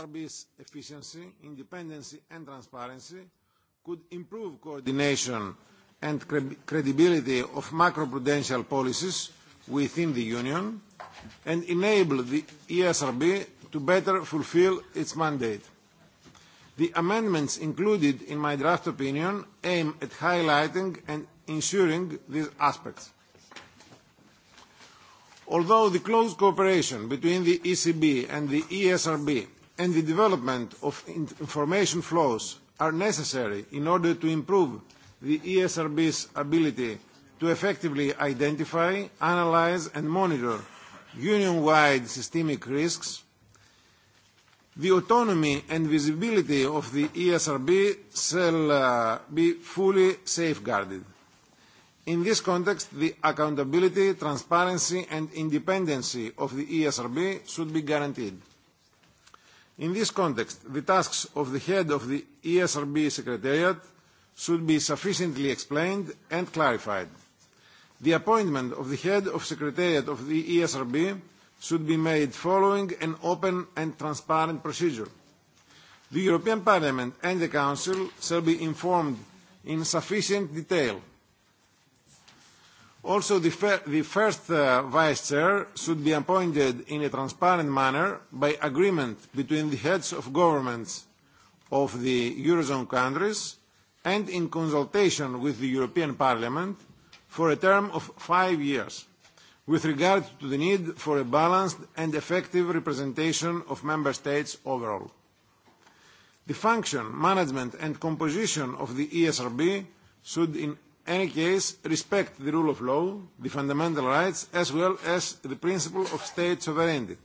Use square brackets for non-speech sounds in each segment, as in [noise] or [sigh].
Serbia's efficiency, independence and transparency could improve coordination and credibility of macroprudential policies within the Union and enable the ESRB to better fulfil its mandate. The amendments included in my draft opinion aim at highlighting and ensuring these aspects. Although the close cooperation between the ECB and the ESRB and the development of information flows are necessary in order to improve the ESRB's ability to effectively identify, analyse and monitor union-wide systemic risks, the autonomy and visibility of the ESRB shall uh, be fully safeguarded. In this context, the accountability, transparency and independency of the ESRB should be guaranteed. In this context, the tasks of the head of the ESRB Secretariat should be sufficiently explained and clarified. The appointment of the head of Secretariat of the ESRB should be made following an open and transparent procedure. The European Parliament and the Council shall be informed in sufficient detail Also, the, fir the first uh, vice chair should be appointed in a transparent manner by agreement between the heads of governments of the Eurozone countries and in consultation with the European Parliament for a term of five years with regard to the need for a balanced and effective representation of member states overall. The function, management and composition of the ESRB should in any case, respect the rule of law, the fundamental rights, as well as the principle of state sovereignty.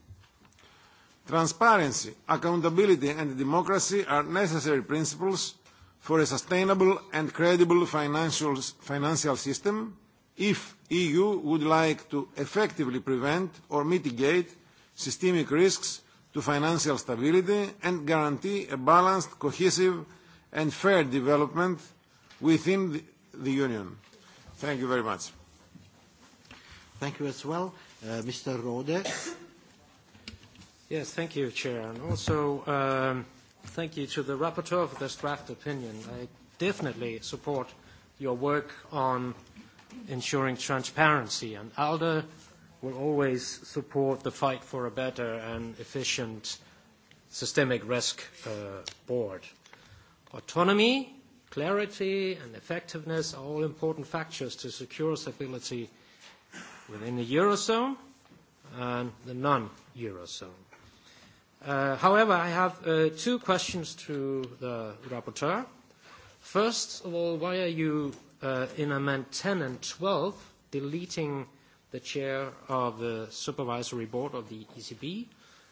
Transparency, accountability and democracy are necessary principles for a sustainable and credible financial, financial system if EU would like to effectively prevent or mitigate systemic risks to financial stability and guarantee a balanced, cohesive and fair development within the the Union. Thank you very much. Thank you as well. Uh, Mr. Rode. Yes, thank you, Chair. And also, um, thank you to the rapporteur for this draft opinion. I definitely support your work on ensuring transparency, and ALDE will always support the fight for a better and efficient systemic risk uh, board. Autonomy Clarity and effectiveness are all important factors to secure stability within the Eurozone and the non-Eurozone. Uh, however, I have uh, two questions to the rapporteur. First of all, why are you uh, in Amendment 10 and 12 deleting the chair of the supervisory board of the ECB?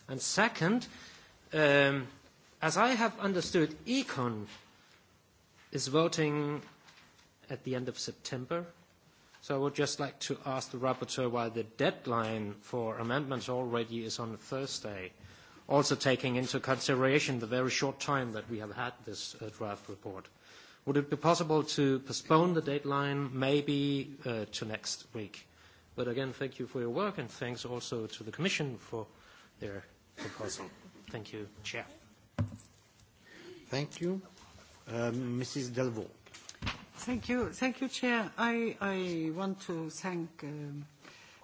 And second, um, as I have understood, Econ is voting at the end of September. So I would just like to ask the rapporteur why the deadline for amendments already is on Thursday, also taking into consideration the very short time that we have had this uh, draft report. Would it be possible to postpone the deadline maybe uh, to next week? But again, thank you for your work, and thanks also to the Commission for their proposal. Thank you, Chair. Thank you. Uh, Mrs. Delvaux. Thank you. Thank you, Chair. I, want to thank um,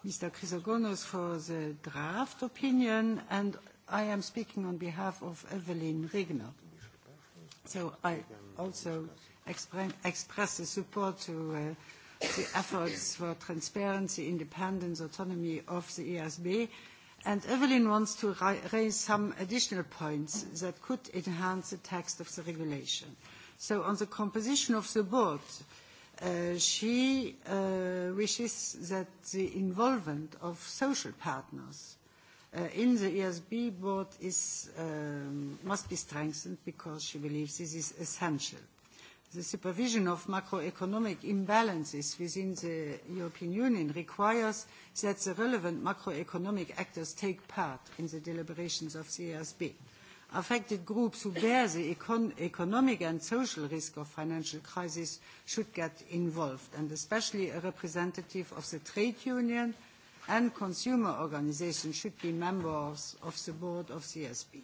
Mr. Chrysogonos for the draft opinion, and I am speaking on behalf of Evelyn Regner. So I also express the support to uh, the efforts for transparency, independence, autonomy of the ESB, And Evelyn wants to raise some additional points that could enhance the text of the regulation. So on the composition of the board, uh, she uh, wishes that the involvement of social partners uh, in the ESB board is, um, must be strengthened because she believes this is essential the supervision of macroeconomic imbalances within the European Union requires that the relevant macroeconomic actors take part in the deliberations of the ESB. Affected groups who bear the economic and social risk of financial crisis should get involved, and especially a representative of the trade union and consumer organisations should be members of the board of the ESB.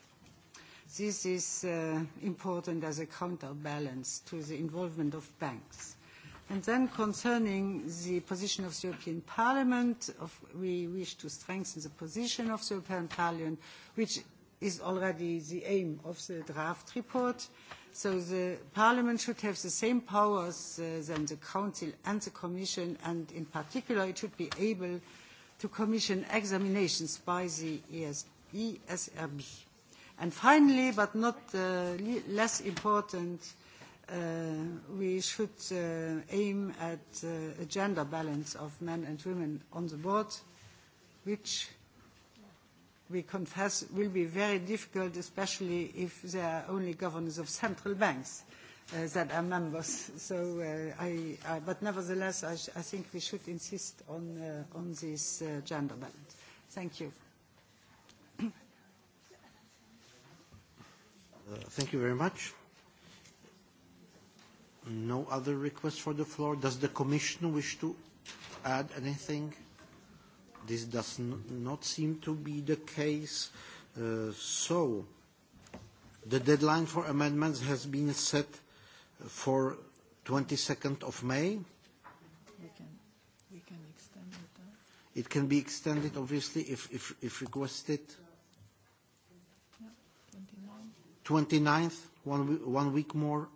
This is uh, important as a counterbalance to the involvement of banks. And then concerning the position of the European Parliament, of, we wish to strengthen the position of the European Parliament, which is already the aim of the draft report. So the Parliament should have the same powers uh, than the Council and the Commission, and in particular it should be able to commission examinations by the ESRB. And finally, but not uh, less important, uh, we should uh, aim at a gender balance of men and women on the board, which we confess will be very difficult, especially if there are only governors of central banks uh, that are members. [laughs] So, uh, I, I, but nevertheless, I, I think we should insist on, uh, on this uh, gender balance. Thank you. Uh, thank you very much. No other requests for the floor. Does the Commission wish to add anything? This does not seem to be the case. Uh, so, the deadline for amendments has been set for 22nd of May. We can, we can extend it. Huh? It can be extended, obviously, if, if, if requested. Yeah. 29th, one, one week more.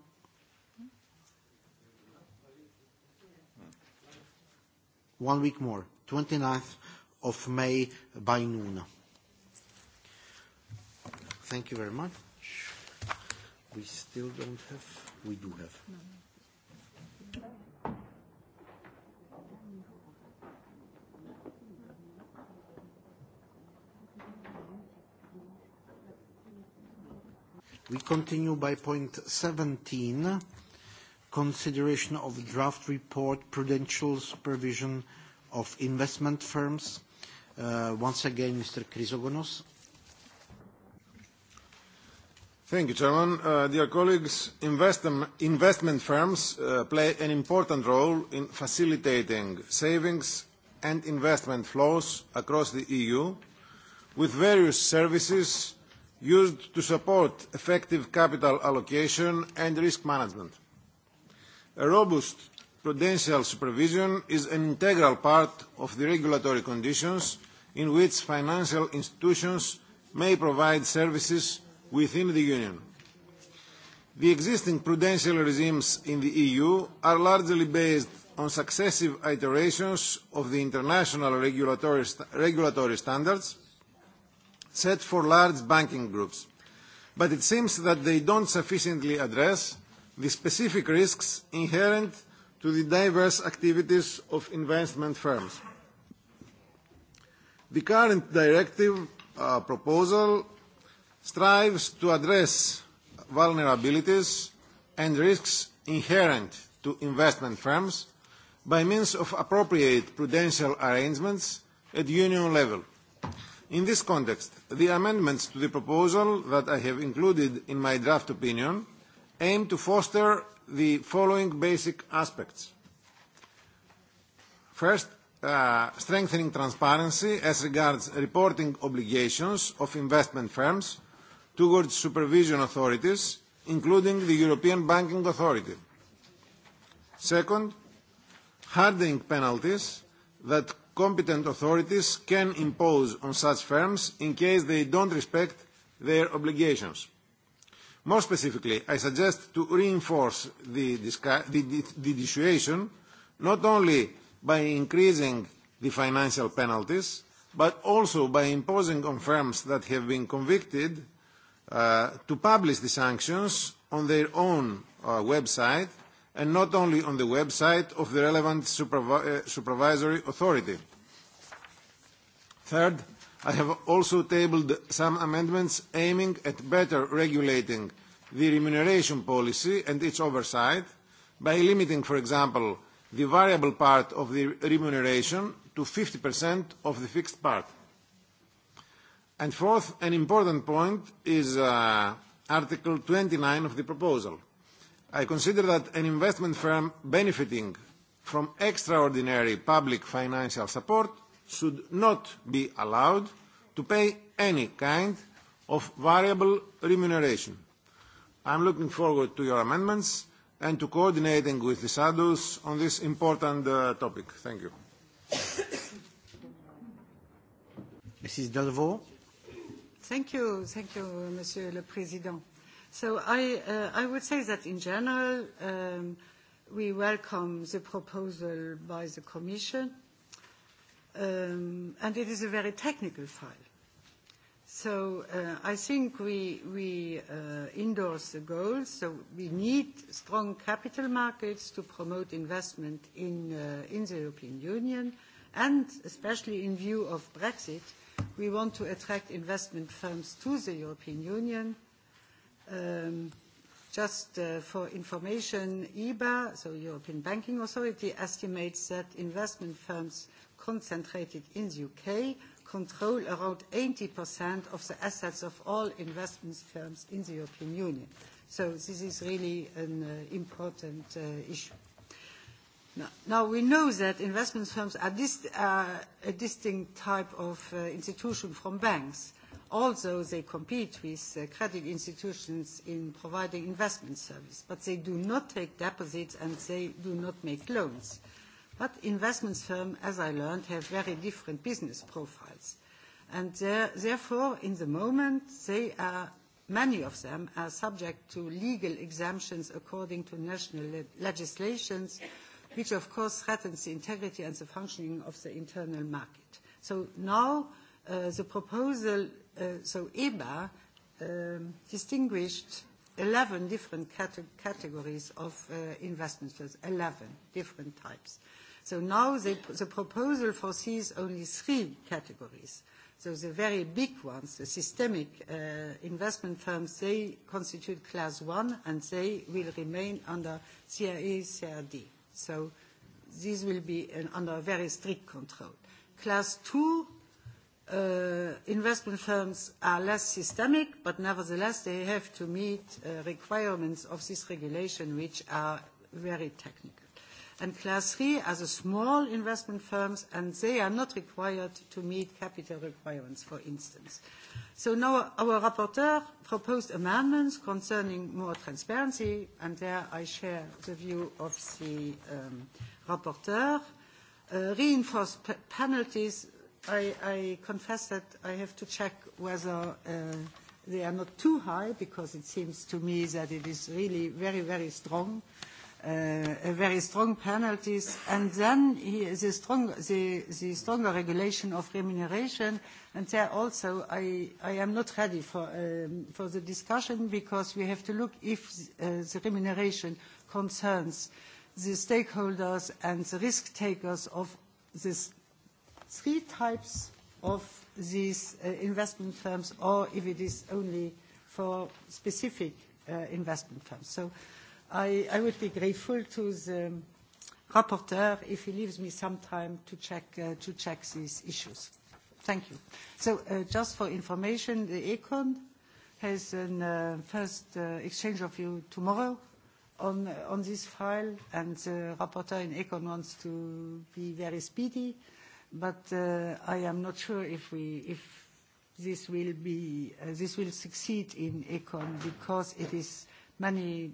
One week more, 29th of May by noon. Thank you very much. We still don't have, we do have. No. We continue by point 17, consideration of draft report, prudential supervision of investment firms. Uh, once again, Mr. Chrysogonos. Thank you, Chairman. Uh, dear colleagues, invest investment firms uh, play an important role in facilitating savings and investment flows across the EU with various services used to support effective capital allocation and risk management. A robust prudential supervision is an integral part of the regulatory conditions in which financial institutions may provide services within the Union. The existing prudential regimes in the EU are largely based on successive iterations of the international regulatory, st regulatory standards set for large banking groups. But it seems that they don't sufficiently address the specific risks inherent to the diverse activities of investment firms. The current directive uh, proposal strives to address vulnerabilities and risks inherent to investment firms by means of appropriate prudential arrangements at union level. In this context, the amendments to the proposal that I have included in my draft opinion aim to foster the following basic aspects. First, uh, strengthening transparency as regards reporting obligations of investment firms towards supervision authorities, including the European Banking Authority. Second, hardening penalties that competent authorities can impose on such firms in case they don't respect their obligations. More specifically, I suggest to reinforce the, the, the dissuasion not only by increasing the financial penalties, but also by imposing on firms that have been convicted uh, to publish the sanctions on their own uh, website and not only on the website of the relevant supervi uh, supervisory authority. Third, I have also tabled some amendments aiming at better regulating the remuneration policy and its oversight by limiting, for example, the variable part of the remuneration to 50% of the fixed part. And fourth, an important point is uh, Article 29 of the proposal – I consider that an investment firm benefiting from extraordinary public financial support should not be allowed to pay any kind of variable remuneration. I am looking forward to your amendments and to coordinating with the shadows on this important uh, topic. Thank you. Mrs. Delvaux. Thank you, thank you, Monsieur le Président. So uh, I, would say that in general, um, we welcome the proposal by the Commission, um, and it is a very technical file. So uh, I think we, uh, endorse the goals. So we need strong capital markets to promote investment in, in the European Union, and especially in view of Brexit, we want to attract investment firms to the European Union Um, just uh, for information, EBA, so European Banking Authority, estimates that investment firms concentrated in the UK control around 80% of the assets of all investment firms in the European Union. So this is really an uh, important uh, issue. Now, now, we know that investment firms are, dist are a distinct type of uh, institution from banks although they compete with uh, credit institutions in providing investment service, but they do not take deposits and they do not make loans. But investment firms, as I learned, have very different business profiles. And uh, therefore, in the moment, they are, many of them are subject to legal exemptions according to national le legislations, which of course threatens the integrity and the functioning of the internal market. So now uh, the proposal Uh, so EBA um, distinguished 11 different cate categories of uh, investments, 11 different types. So now they, the proposal foresees only three categories. So the very big ones, the systemic uh, investment firms, they constitute class one, and they will remain under CRE, CRD. So these will be uh, under very strict control. Class two Uh, investment firms are less systemic, but nevertheless, they have to meet uh, requirements of this regulation, which are very technical. And Class 3 are the small investment firms, and they are not required to meet capital requirements, for instance. So Now our rapporteur proposed amendments concerning more transparency, and there I share the view of the um, rapporteur. Uh, reinforced penalties I, I confess that I have to check whether uh, they are not too high, because it seems to me that it is really very, very strong, uh, very strong penalties. And then he, the, strong, the, the stronger regulation of remuneration, and there also I, I am not ready for, um, for the discussion, because we have to look if uh, the remuneration concerns the stakeholders and the risk takers of this three types of these uh, investment firms or if it is only for specific uh, investment firms. So I, I would be grateful to the rapporteur if he leaves me some time to check, uh, to check these issues. Thank you. So uh, just for information, the ECON has a uh, first uh, exchange of view tomorrow on, uh, on this file, and the rapporteur in ECON wants to be very speedy but uh, I am not sure if, we, if this will be uh, this will succeed in Econ because it is many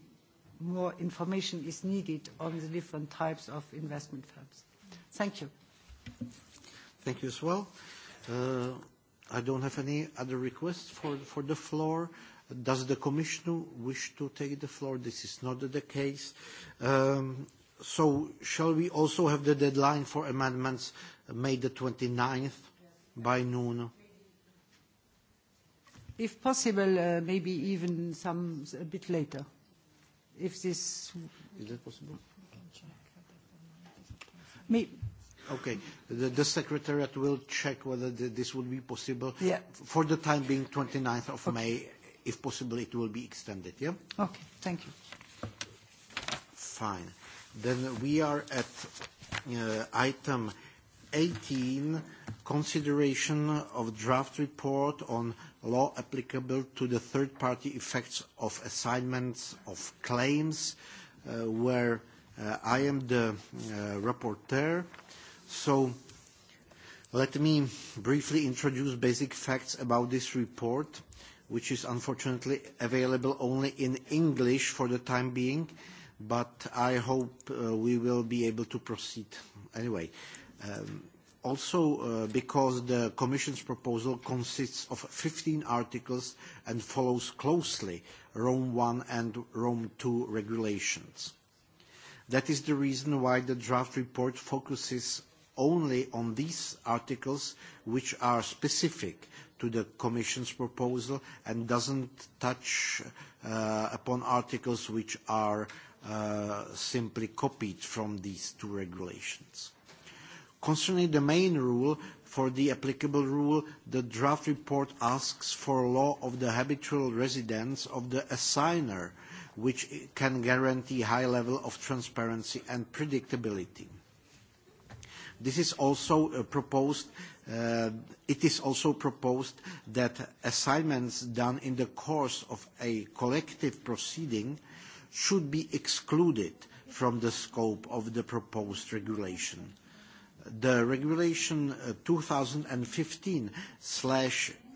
more information is needed on the different types of investment firms. Thank you. Thank you as well. Uh, I don't have any other requests for, for the floor. Does the commissioner wish to take the floor? This is not the case. Um, So shall we also have the deadline for amendments uh, May the 29th yes. by noon? If possible, uh, maybe even some a bit later. If this is that possible? Me. Okay. The, the secretariat will check whether the, this would be possible. Yeah. For the time being, 29th of okay. May, if possible, it will be extended. Yeah. Okay. Thank you. Fine. Then we are at uh, item 18, consideration of draft report on law applicable to the third-party effects of assignments of claims, uh, where uh, I am the rapporteur. So let me briefly introduce basic facts about this report, which is unfortunately available only in English for the time being but I hope uh, we will be able to proceed anyway. Um, also, uh, because the Commission's proposal consists of 15 articles and follows closely Rome I and Rome II regulations. That is the reason why the draft report focuses only on these articles which are specific to the Commission's proposal and doesn't touch uh, upon articles which are Uh, simply copied from these two regulations. Concerning the main rule, for the applicable rule, the draft report asks for law of the habitual residence of the assigner, which can guarantee high level of transparency and predictability. This is also uh, proposed uh, it is also proposed that assignments done in the course of a collective proceeding should be excluded from the scope of the proposed regulation. The regulation 2015/848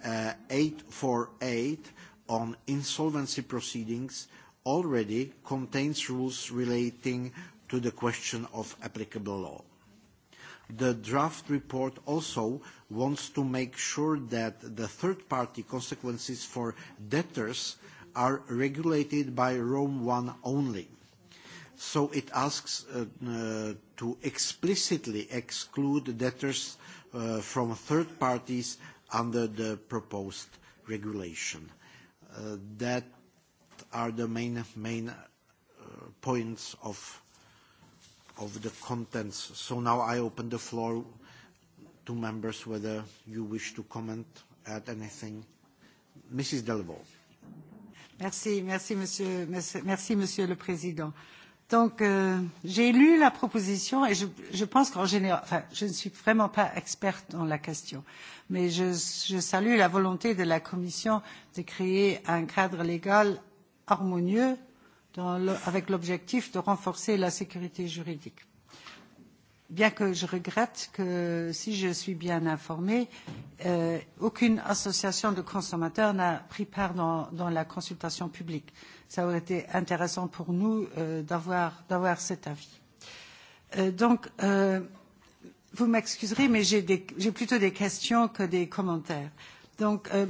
uh, uh, on insolvency proceedings already contains rules relating to the question of applicable law. The draft report also wants to make sure that the third-party consequences for debtors are regulated by Rome I only. So it asks uh, uh, to explicitly exclude debtors uh, from third parties under the proposed regulation. Uh, that are the main, main uh, points of, of the contents. So now I open the floor to members whether you wish to comment, add anything. Mrs. Delvaux. Merci, merci Monsieur, merci, monsieur le Président. Donc, euh, j'ai lu la proposition et je, je pense qu'en général, enfin, je ne suis vraiment pas experte dans la question, mais je, salue la volonté de la Commission de créer un cadre légal harmonieux dans le, avec l'objectif de renforcer la sécurité juridique bien que je regrette que, si je suis bien informée, euh, aucune association de consommateurs n'a pris part dans, dans la consultation publique. Ça aurait été intéressant pour nous euh, d'avoir cet avis. Euh, donc, euh, vous m'excuserez, mais j'ai plutôt des questions que des commentaires. Donc, euh,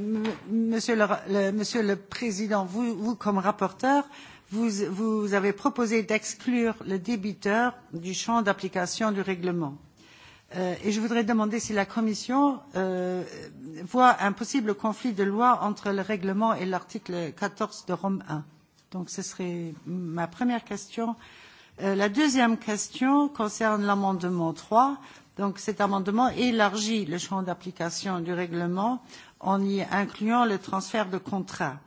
monsieur, le, le, monsieur le Président, vous, vous comme rapporteur, euh, vous, avez proposé d'exclure le débiteur du champ d'application du règlement. Euh, et je voudrais demander si la Commission euh, voit un possible conflit de loi entre le règlement et l'article quatorze de Rome i. Donc ce serait ma première question. Euh, la deuxième question concerne l'amendement trois Donc cet amendement élargit le champ d'application du règlement en y incluant le transfert de contrats.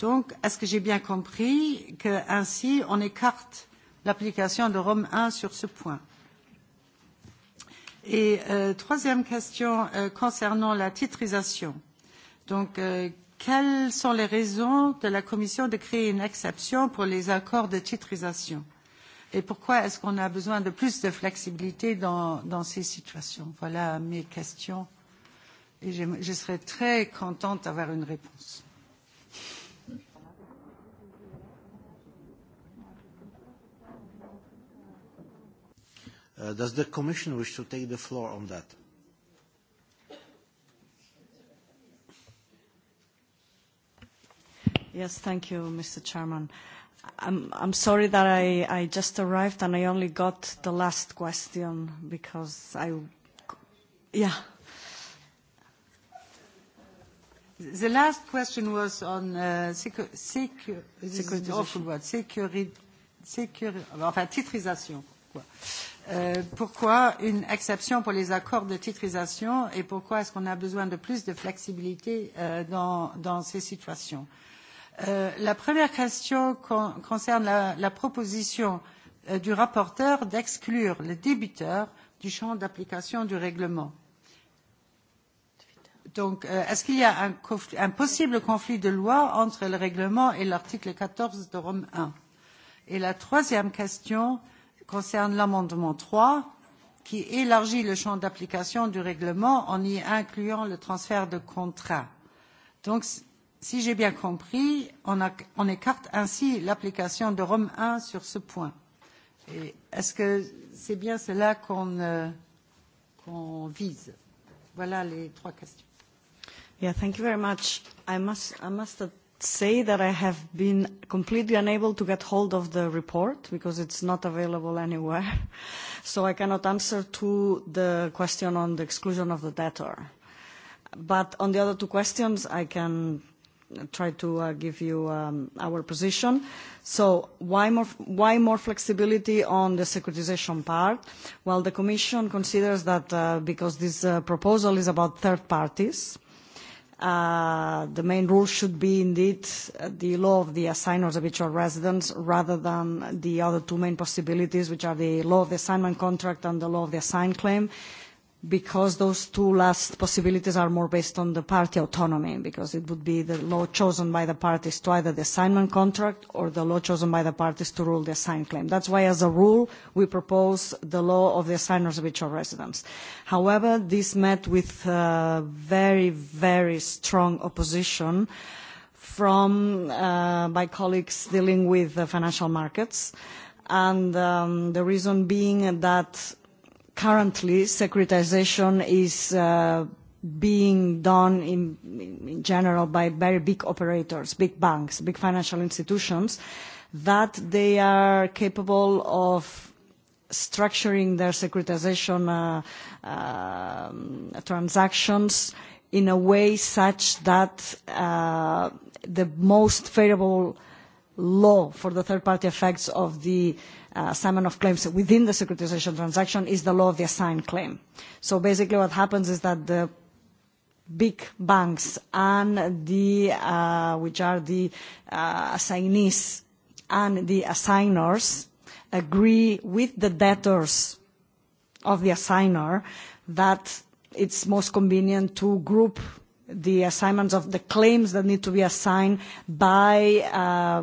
Donc, est-ce que j'ai bien compris qu'ainsi, on écarte l'application de Rome 1 sur ce point Et euh, troisième question euh, concernant la titrisation. Donc, euh, quelles sont les raisons de la Commission de créer une exception pour les accords de titrisation Et pourquoi est-ce qu'on a besoin de plus de flexibilité dans, dans ces situations Voilà mes questions. Et je, je serais très contente d'avoir une réponse. Uh, does the Commission wish to take the floor on that? Yes, thank you, Mr. Chairman. I'm, I'm sorry that I, I just arrived and I only got the last question because I, yeah. The last question was on uh, secu secu this awful word, securi security, enfin, titrisation. Quoi. Euh, pourquoi une exception pour les accords de titrisation et pourquoi est-ce qu'on a besoin de plus de flexibilité euh, dans, dans ces situations euh, La première question con, concerne la, la proposition euh, du rapporteur d'exclure les débiteurs du champ d'application du règlement. Donc, euh, est-ce qu'il y a un, conflit, un possible conflit de loi entre le règlement et l'article 14 de Rome 1 Et la troisième question euh, concerne l'amendement trois qui élargit le champ d'application du règlement en y incluant le transfert de contrat. Donc, si j'ai bien compris, on, a, on écarte ainsi l'application de Rome 1 sur ce point. Est-ce que c'est bien cela qu'on euh, qu vise Voilà les trois questions. Yeah, thank you very much. I must, I must have say that I have been completely unable to get hold of the report because it's not available anywhere. [laughs] so I cannot answer to the question on the exclusion of the debtor. But on the other two questions, I can try to uh, give you um, our position. So why more, why more flexibility on the securitization part? Well, the Commission considers that uh, because this uh, proposal is about third parties, Uh, the main rule should be indeed the law of the assigned or the habitual residence rather than the other two main possibilities, which are the law of the assignment contract and the law of the assigned claim. Uh, because those two last possibilities are more based on the party autonomy, because it would be the law chosen by the parties to either the assignment contract or the law chosen by the parties to rule the assigned claim. That's why, as a rule, we propose the law of the assigners of mutual residence. However, this met with uh, very, very strong opposition from uh, my colleagues dealing with the financial markets, and um, the reason being that currently securitisation is uh, being done in, in, general by very big operators, big banks, big financial institutions, that they are capable of structuring their securitisation uh, uh, transactions in a way such that uh, the most favourable law for the third party effects of the uh, Uh, assignment of claims within the securitization transaction is the law of the assigned claim. So basically what happens is that the big banks and the, uh, which are the uh, assignees and the assigners agree with the debtors of the assigner that it's most convenient to group the assignments of the claims that need to be assigned by uh,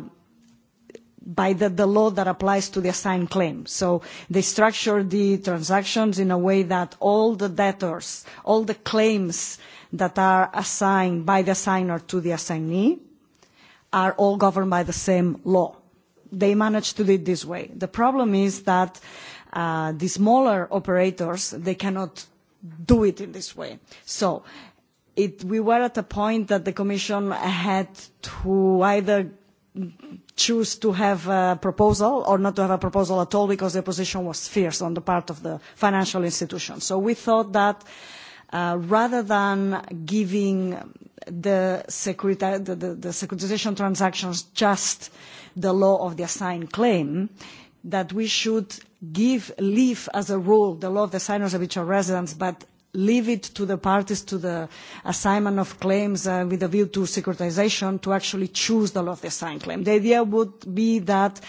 by the, the law that applies to the assigned claim. So they structure the transactions in a way that all the debtors, all the claims that are assigned by the assigner to the assignee are all governed by the same law. They manage to do it this way. The problem is that uh, the smaller operators, they cannot do it in this way. So it, we were at a point that the Commission had to either choose to have a proposal or not to have a proposal at all because the opposition was fierce on the part of the financial institutions. So we thought that uh, rather than giving the, securita the, the, the securitization transactions just the law of the assigned claim, that we should give, leave as a rule the law of the assigned or habitual residence, but leave it to the parties to the assignment of claims uh, with a view to securitization to actually choose the law of the assigned claim. The idea would be that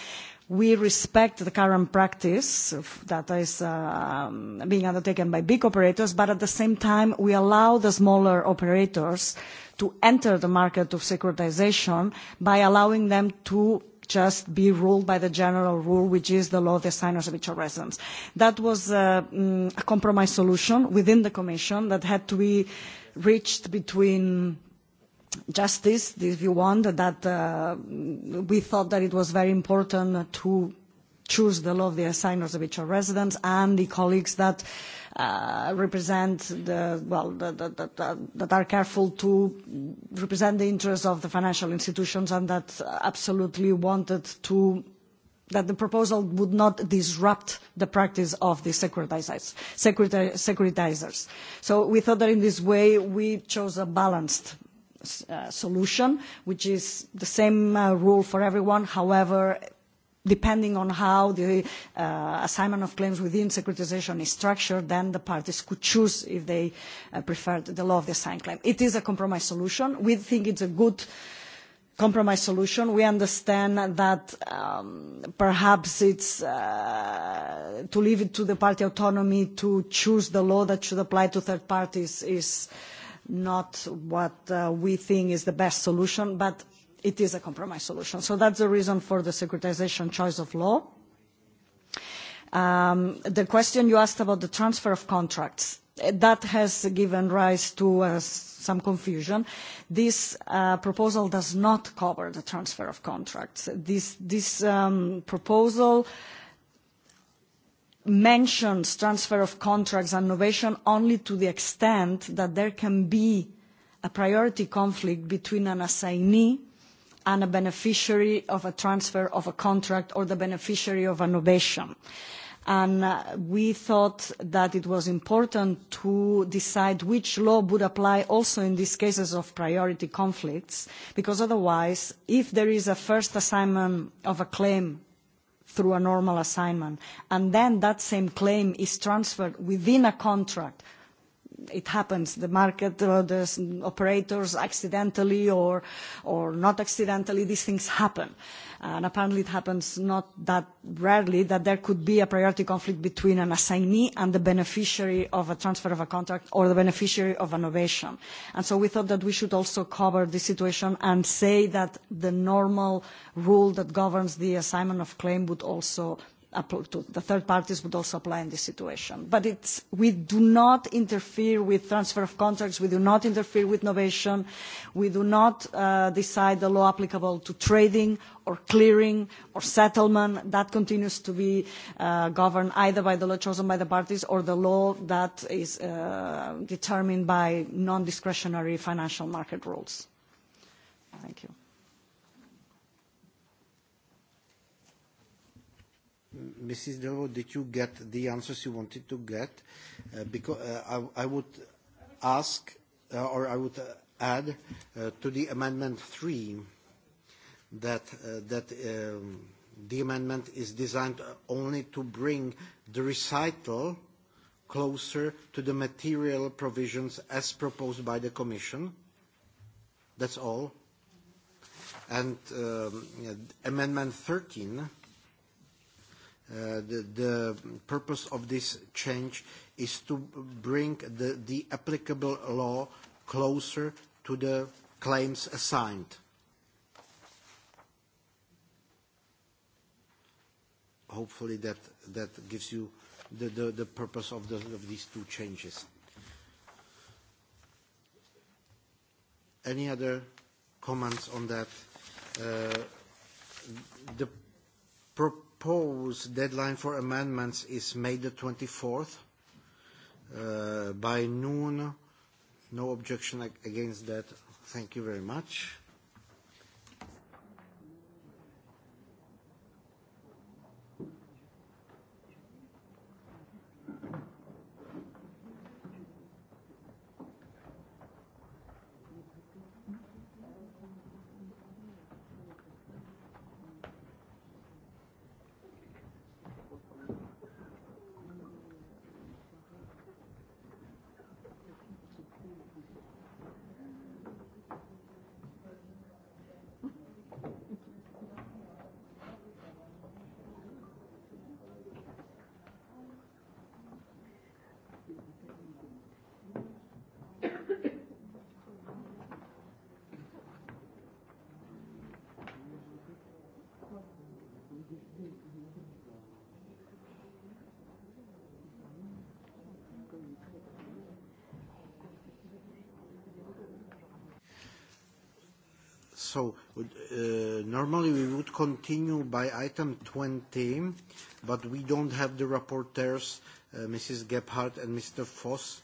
we respect the current practice that is uh, being undertaken by big operators, but at the same time, we allow the smaller operators to enter the market of securitization by allowing them to just be ruled by the general rule, which is the law of the signers of each residence. That was a, uh, um, mm, a compromise solution within the Commission that had to be reached between justice, if you want, that uh, we thought that it was very important to choose the law of the assigners of each residence and the colleagues that uh, uh, represent the, well, the, the, the, that are careful to represent the interests of the financial institutions and that absolutely wanted to that the proposal would not disrupt the practice of the securitizers. securitizers. So we thought that in this way we chose a balanced uh, solution, which is the same uh, rule for everyone, however depending on how the uh, assignment of claims within securitisation is structured, then the parties could choose if they uh, preferred the law of the assigned claim. It is a compromise solution. We think it's a good compromise solution. We understand that um, perhaps it's uh, to leave it to the party autonomy to choose the law that should apply to third parties is not what uh, we think is the best solution, but it is a compromise solution. So that's the reason for the securitisation choice of law. Um, the question you asked about the transfer of contracts, eh, that has given rise to uh, some confusion. This uh, proposal does not cover the transfer of contracts. This, this um, proposal mentions transfer of contracts and innovation only to the extent that there can be a priority conflict between an assignee and a beneficiary of a transfer of a contract or the beneficiary of an ovation. And uh, we thought that it was important to decide which law would apply also in these cases of priority conflicts, because otherwise, if there is a first assignment of a claim through a normal assignment, and then that same claim is transferred within a contract it happens the market or uh, the operators accidentally or or not accidentally these things happen and apparently it happens not that rarely that there could be a priority conflict between an assignee and the beneficiary of a transfer of a contract or the beneficiary of an ovation and so we thought that we should also cover this situation and say that the normal rule that governs the assignment of claim would also to the third parties would also apply in this situation. But it's, we do not interfere with transfer of contracts. We do not interfere with innovation. We do not uh, decide the law applicable to trading or clearing or settlement. That continues to be uh, governed either by the law chosen by the parties or the law that is uh, determined by non-discretionary financial market rules. Thank you. Mrs. Delvaux, did you get the answers you wanted to get? Uh, because uh, I, I would ask, uh, or I would uh, add uh, to the amendment three that uh, that um, the amendment is designed only to bring the recital closer to the material provisions as proposed by the Commission. That's all. And um, amendment 13 Uh, the, the purpose of this change is to bring the, the applicable law closer to the claims assigned. Hopefully that, that gives you the, the, the purpose of, the, of these two changes. Any other comments on that? Uh, the pro proposed deadline for amendments is May the 24th uh, by noon. No objection against that. Thank you very much. Normally, we would continue by item 20, but we don't have the rapporteurs, uh, Mrs. Gebhardt and Mr. Voss,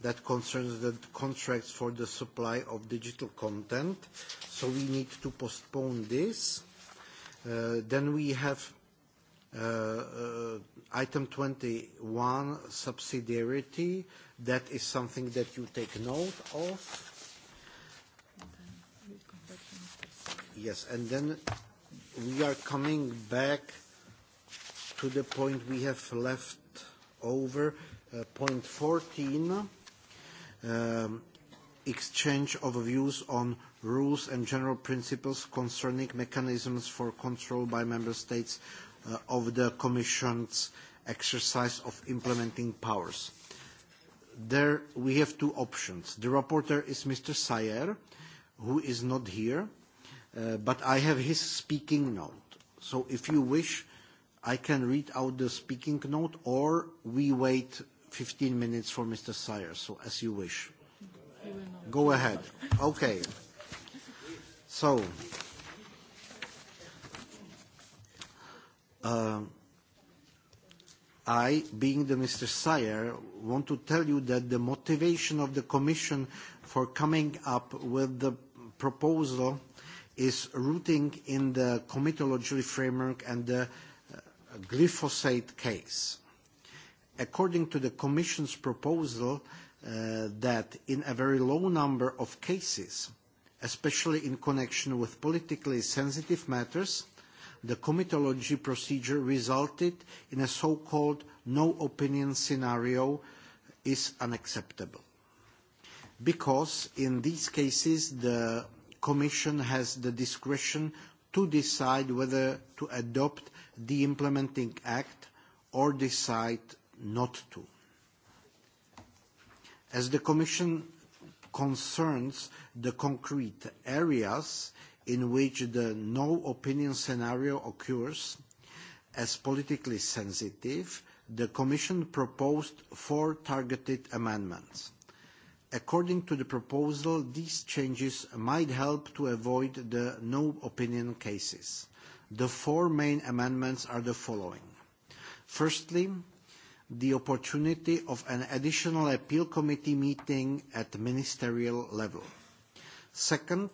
that concerns the contracts for the supply of digital content, so we need to postpone this. Uh, then we have uh, uh item 21, subsidiarity. That is something that you take note of. Yes, and then we are coming back to the point we have left over, uh, point 14, um, exchange of views on rules and general principles concerning mechanisms for control by member states uh, of the Commission's exercise of implementing powers. There we have two options. The reporter is Mr. Sayer, who is not here Uh, but I have his speaking note. So if you wish, I can read out the speaking note, or we wait 15 minutes for Mr. Sires, so as you wish. Go ahead. Okay. So, uh, I, being the Mr. Sire, want to tell you that the motivation of the Commission for coming up with the proposal uh, is rooting in the comitology framework and the uh, glyphosate case. According to the Commission's proposal, uh, that in a very low number of cases, especially in connection with politically sensitive matters, the comitology procedure resulted in a so-called no opinion scenario is unacceptable. Because in these cases, the Commission has the discretion to decide whether to adopt the implementing act or decide not to. As the Commission concerns the concrete areas in which the no opinion scenario occurs as politically sensitive, the Commission proposed four targeted amendments. According to the proposal, these changes might help to avoid the no opinion cases. The four main amendments are the following. Firstly, the opportunity of an additional appeal committee meeting at ministerial level. Second,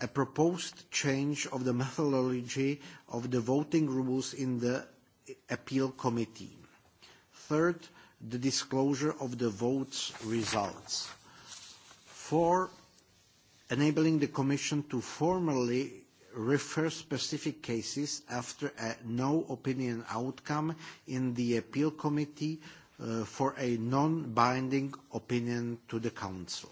a proposed change of the methodology of the voting rules in the appeal committee. Third, the disclosure of the votes results. Four, enabling the Commission to formally refer specific cases after a no opinion outcome in the appeal committee uh, for a non-binding opinion to the council.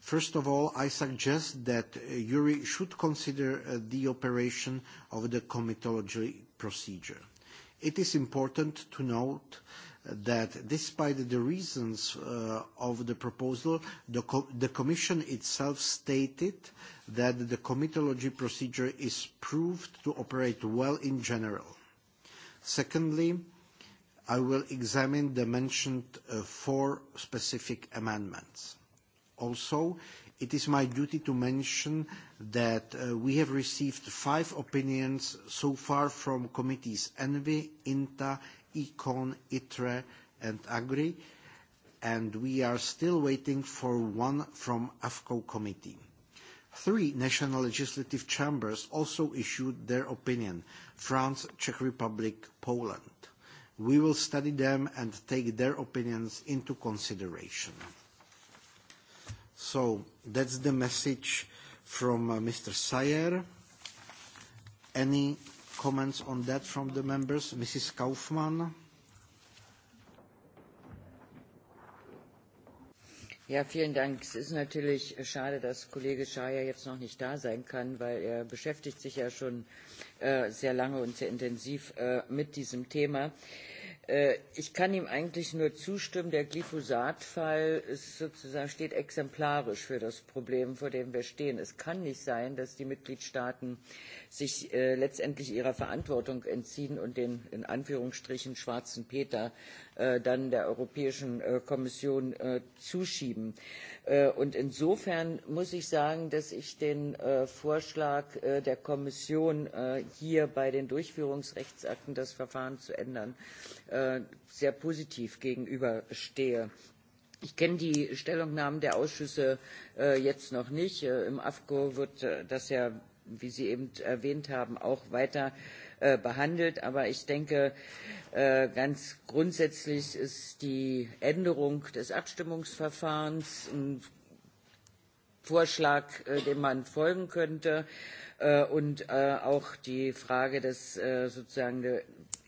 First of all, I suggest that uh, Yuri should consider uh, the operation of the comitology procedure. It is important to note uh, that despite the reasons uh, of the proposal, the, co the Commission itself stated that the comitology procedure is proved to operate well in general. Secondly, I will examine the mentioned uh, four specific amendments. Also, it is my duty to mention that uh, we have received five opinions so far from committees ENVI, INTA, Econ, ITRE, and Agri, and we are still waiting for one from AFCO committee. Three national legislative chambers also issued their opinion, France, Czech Republic, Poland. We will study them and take their opinions into consideration. So that's the message from uh, Mr. Sayer. Any comments on that from the members? Mrs. Kaufmann? Ja, vielen Dank. Es ist natürlich schade, dass Kollege Schaier jetzt noch nicht da sein kann, weil er beschäftigt sich ja schon äh, sehr lange und sehr intensiv äh, mit diesem Thema beschäftigt Äh, ich kann ihm eigentlich nur zustimmen. Der Glyphosat-Fall ist sozusagen steht exemplarisch für das Problem, vor dem wir stehen. Es kann nicht sein, dass die Mitgliedstaaten sich äh, letztendlich ihrer Verantwortung entziehen und den in Anführungsstrichen schwarzen Peter Äh, dann der Europäischen äh, Kommission äh, zuschieben. Und insofern muss ich sagen, dass ich den Vorschlag der Kommission, hier bei den Durchführungsrechtsakten das Verfahren zu ändern, sehr positiv gegenüberstehe. Ich kenne die Stellungnahmen der Ausschüsse äh, jetzt noch nicht. Äh, Im AFCO wird äh, das ja, wie Sie eben erwähnt haben, auch weiter äh, Äh, behandelt. Aber ich denke, äh, ganz grundsätzlich ist die Änderung des Abstimmungsverfahrens ein Vorschlag, äh, dem man folgen könnte. und auch die Frage dass sozusagen der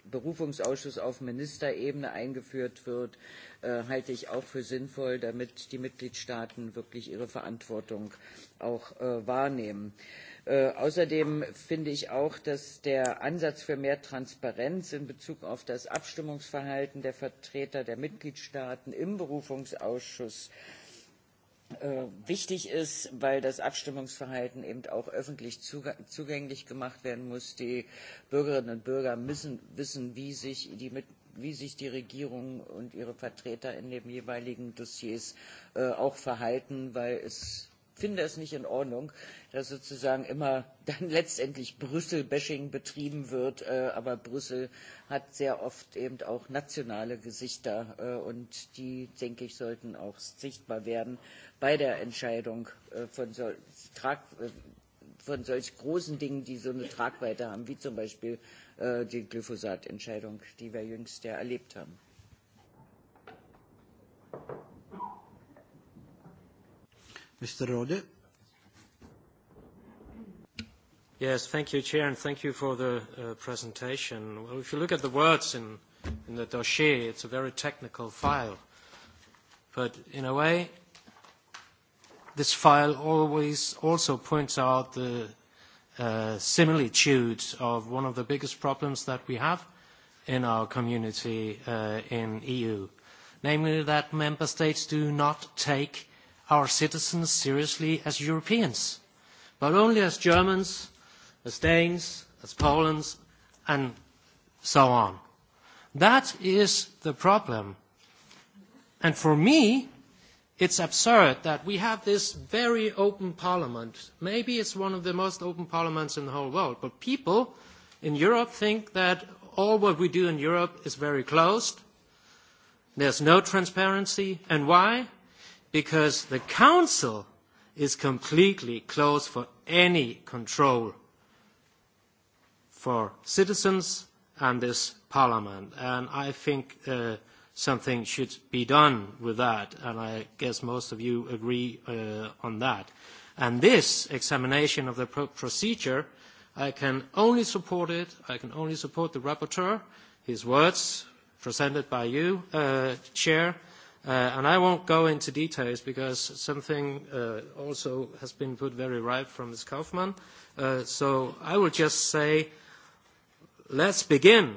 Berufungsausschuss auf Ministerebene eingeführt wird, halte ich auch für sinnvoll, damit die Mitgliedstaaten wirklich ihre Verantwortung auch wahrnehmen. Äh, Äh, außerdem finde ich auch, dass der Ansatz für mehr Transparenz in Bezug auf das Abstimmungsverhalten der Vertreter der Mitgliedstaaten im Berufungsausschuss äh, wichtig ist, weil das Abstimmungsverhalten eben auch öffentlich zugänglich gemacht werden muss. Die Bürgerinnen und Bürger müssen wissen, wie sich die mit wie sich die Regierung und ihre Vertreter in den jeweiligen Dossiers äh, auch verhalten, weil es finde es nicht in Ordnung, dass sozusagen immer dann [laughs] letztendlich Brüssel-Bashing betrieben wird. Äh, aber Brüssel hat sehr oft eben auch nationale Gesichter äh, und die, denke ich, sollten auch sichtbar werden bei der Entscheidung äh, von, so, trag, äh, von solch großen Dingen, die so eine Tragweite haben, wie zum Beispiel äh, die Glyphosat-Entscheidung, die wir jüngst ja erlebt haben. Mr. Rode. Yes, thank you, Chair, and thank you for the uh, presentation. Well, if you look at the words in, in the dossier, it's a very technical file. But in a way, this file always also points out the uh, similitudes of one of the biggest problems that we have in our community uh, in EU, namely that member states do not take our citizens seriously as Europeans, but only as Germans, as Danes, as Poles, and so on. That is the problem. And for me, it's absurd that we have this very open parliament. Maybe it's one of the most open parliaments in the whole world, but people in Europe think that all what we do in Europe is very closed. There's no transparency. And why? because the Council is completely closed for any control for citizens and this Parliament. And I think uh, something should be done with that, and I guess most of you agree uh, on that. And this examination of the pro procedure, I can only support it. I can only support the rapporteur, his words presented by you, uh, Chair, Uh, and I won't go into details because something uh, also has been put very right from Ms. Kaufmann. Uh, so I will just say, let's begin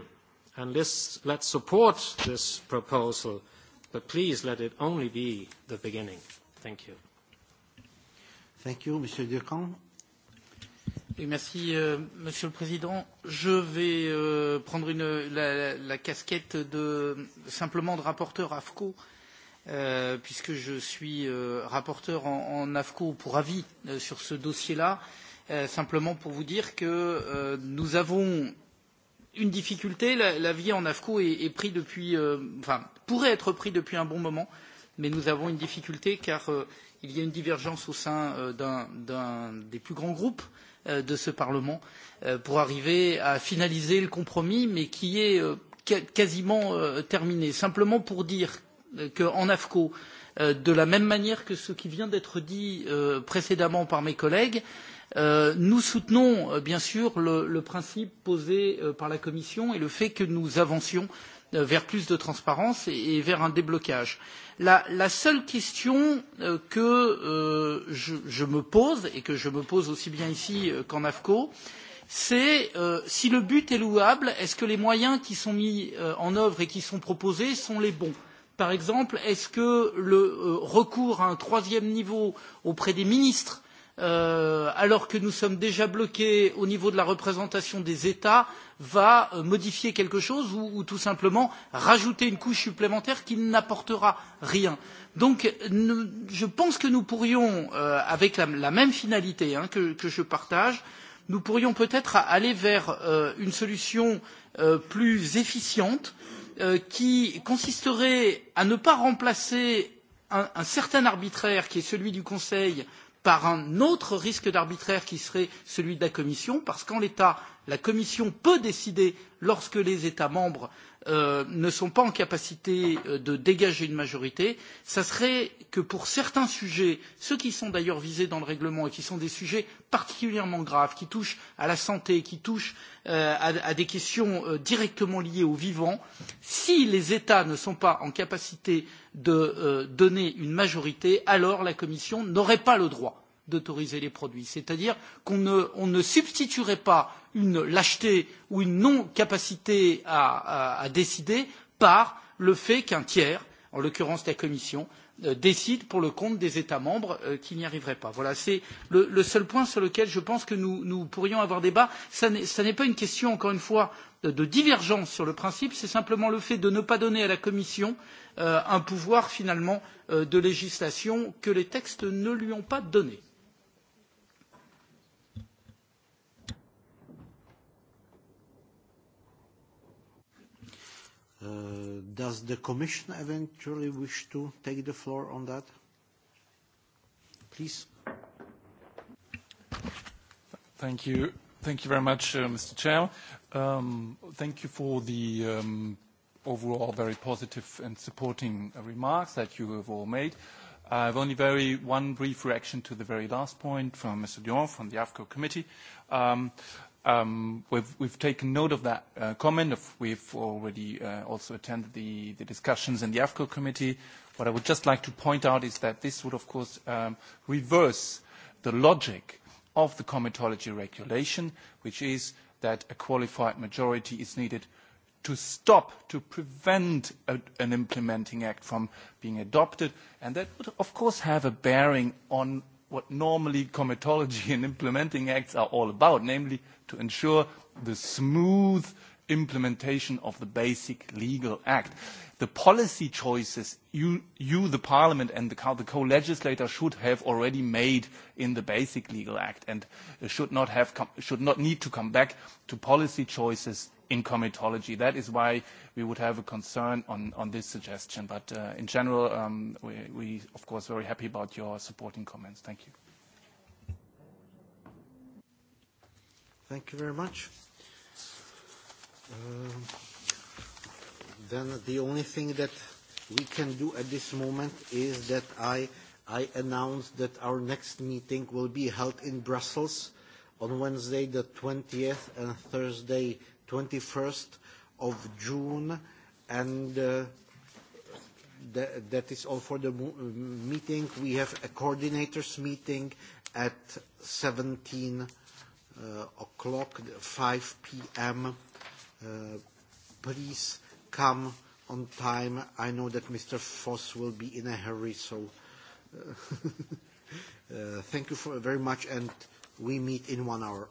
and let's, support this proposal, but please let it only be the beginning. Thank you. Thank you, Monsieur Durand. Et merci, euh, Monsieur le Président. Je vais euh, prendre la, casquette de simplement de rapporteur AFCO. Euh, puisque je suis euh, rapporteur en, en AFCO pour avis euh, sur ce dossier-là, euh, simplement pour vous dire que euh, nous avons une difficulté. L'avis la en AFCO est, est pris depuis, euh, enfin, pourrait être pris depuis un bon moment, mais nous avons une difficulté car euh, il y a une divergence au sein euh, d'un des plus grands groupes euh, de ce Parlement euh, pour arriver à finaliser le compromis, mais qui est euh, quasiment euh, terminé. Simplement pour dire Euh, qu'en AFCO, euh, de la même manière que ce qui vient d'être dit euh, précédemment par mes collègues, nous soutenons bien sûr le, le principe posé par la Commission et le fait que nous avancions vers plus de transparence et, et vers un déblocage. La, la seule question que euh, je, je me pose et que je me pose aussi bien ici qu'en AFCO, c'est euh, si le but est louable, est-ce que les moyens qui sont mis en œuvre et qui sont proposés sont les bons par exemple est ce que le euh, recours à un troisième niveau auprès des ministres euh, alors que nous sommes déjà bloqués au niveau de la représentation des états va euh, modifier quelque chose ou, ou tout simplement rajouter une couche supplémentaire qui n'apportera rien. donc nous, je pense que nous pourrions euh, avec la, la même finalité hein, que, que je partage nous pourrions peut être aller vers euh, une solution euh, plus efficiente Euh, qui consisterait à ne pas remplacer un, un certain arbitraire qui est celui du Conseil par un autre risque d'arbitraire qui serait celui de la Commission, parce qu'en l'état, la Commission peut décider, lorsque les États membres Euh, ne sont pas en capacité euh, de dégager une majorité, ça serait que pour certains sujets, ceux qui sont d'ailleurs visés dans le règlement et qui sont des sujets particulièrement graves, qui touchent à la santé, qui touchent euh, à, à des questions euh, directement liées au vivant, si les États ne sont pas en capacité de euh, donner une majorité, alors la Commission n'aurait pas le droit d'autoriser les produits. C'est-à-dire qu'on ne, on ne substituerait pas une lâcheté ou une non-capacité à, à, à décider par le fait qu'un tiers, en l'occurrence la Commission, euh, décide pour le compte des États membres euh, qu'il n'y arriverait pas. Voilà, c'est le, le seul point sur lequel je pense que nous, nous pourrions avoir débat. Ce n'est pas une question, encore une fois, de, de divergence sur le principe, c'est simplement le fait de ne pas donner à la Commission euh, un pouvoir finalement euh, de législation que les textes ne lui ont pas donné Uh, does the Commission eventually wish to take the floor on that? Please. Thank you. Thank you very much, uh, Mr. Chair. Um, thank you for the um, overall very positive and supporting uh, remarks that you have all made. I have only very one brief reaction to the very last point from Mr. Dion from the AFCO committee. Um, Um, we've, taken note of that uh, comment. we've already uh, also attended the, discussions in the AFCO committee. What I would just like to point out is that this would, of course, um, reverse the logic of the comitology regulation, which is that a qualified majority is needed to stop, to prevent an implementing act from being adopted. And that would, of course, have a bearing on what normally comitology [laughs] and implementing acts are all about, namely to ensure the smooth implementation of the basic legal act. The policy choices you, you the parliament and the, the co-legislator should have already made in the basic legal act and should not, have come, should not need to come back to policy choices in comitology. That is why we would have a concern on, on this suggestion. But uh, in general, um, we, we of course very happy about your supporting comments. Thank you. Thank you very much. Uh, then the only thing that we can do at this moment is that I, I announce that our next meeting will be held in Brussels on Wednesday the 20th and Thursday 21st of June, and uh, th that is all for the meeting. We have a coordinators meeting at 17 uh, o'clock, 5 p.m. Uh, please come on time. I know that Mr. Foss will be in a hurry, so uh, [laughs] uh, thank you for very much, and we meet in one hour.